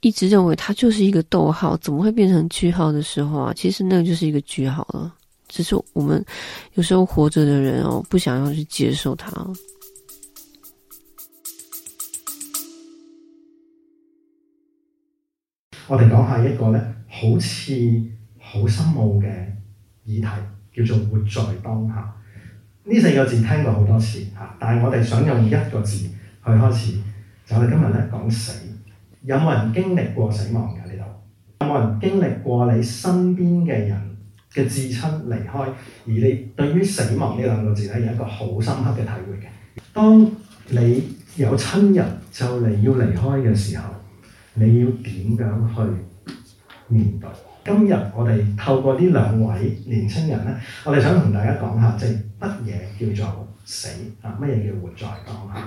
一直認為它就是一個逗號，怎麼會變成句號的時候啊？其實那個就是一個句號了，啊。只是我們有時候活着的人哦，啊，不想要去接受它。 我哋講下一個呢，好似好深奧嘅議題，叫做活在當下。呢、啊、四個字聽過好多次啊，但係我哋想用一個字去開始，就我們今日呢講死。有冇人經歷過死亡㗎？呢度有冇人經歷過你身邊嘅人嘅至親離開？而你對於死亡呢兩個字呢，有一個好深刻嘅體會。當你有親人就嚟要離開嘅時候，你要點樣去面對？今日我哋透過呢兩位年輕人呢，我哋想同大家講下，即係乜嘢叫做死啊？乜嘢叫活在當下？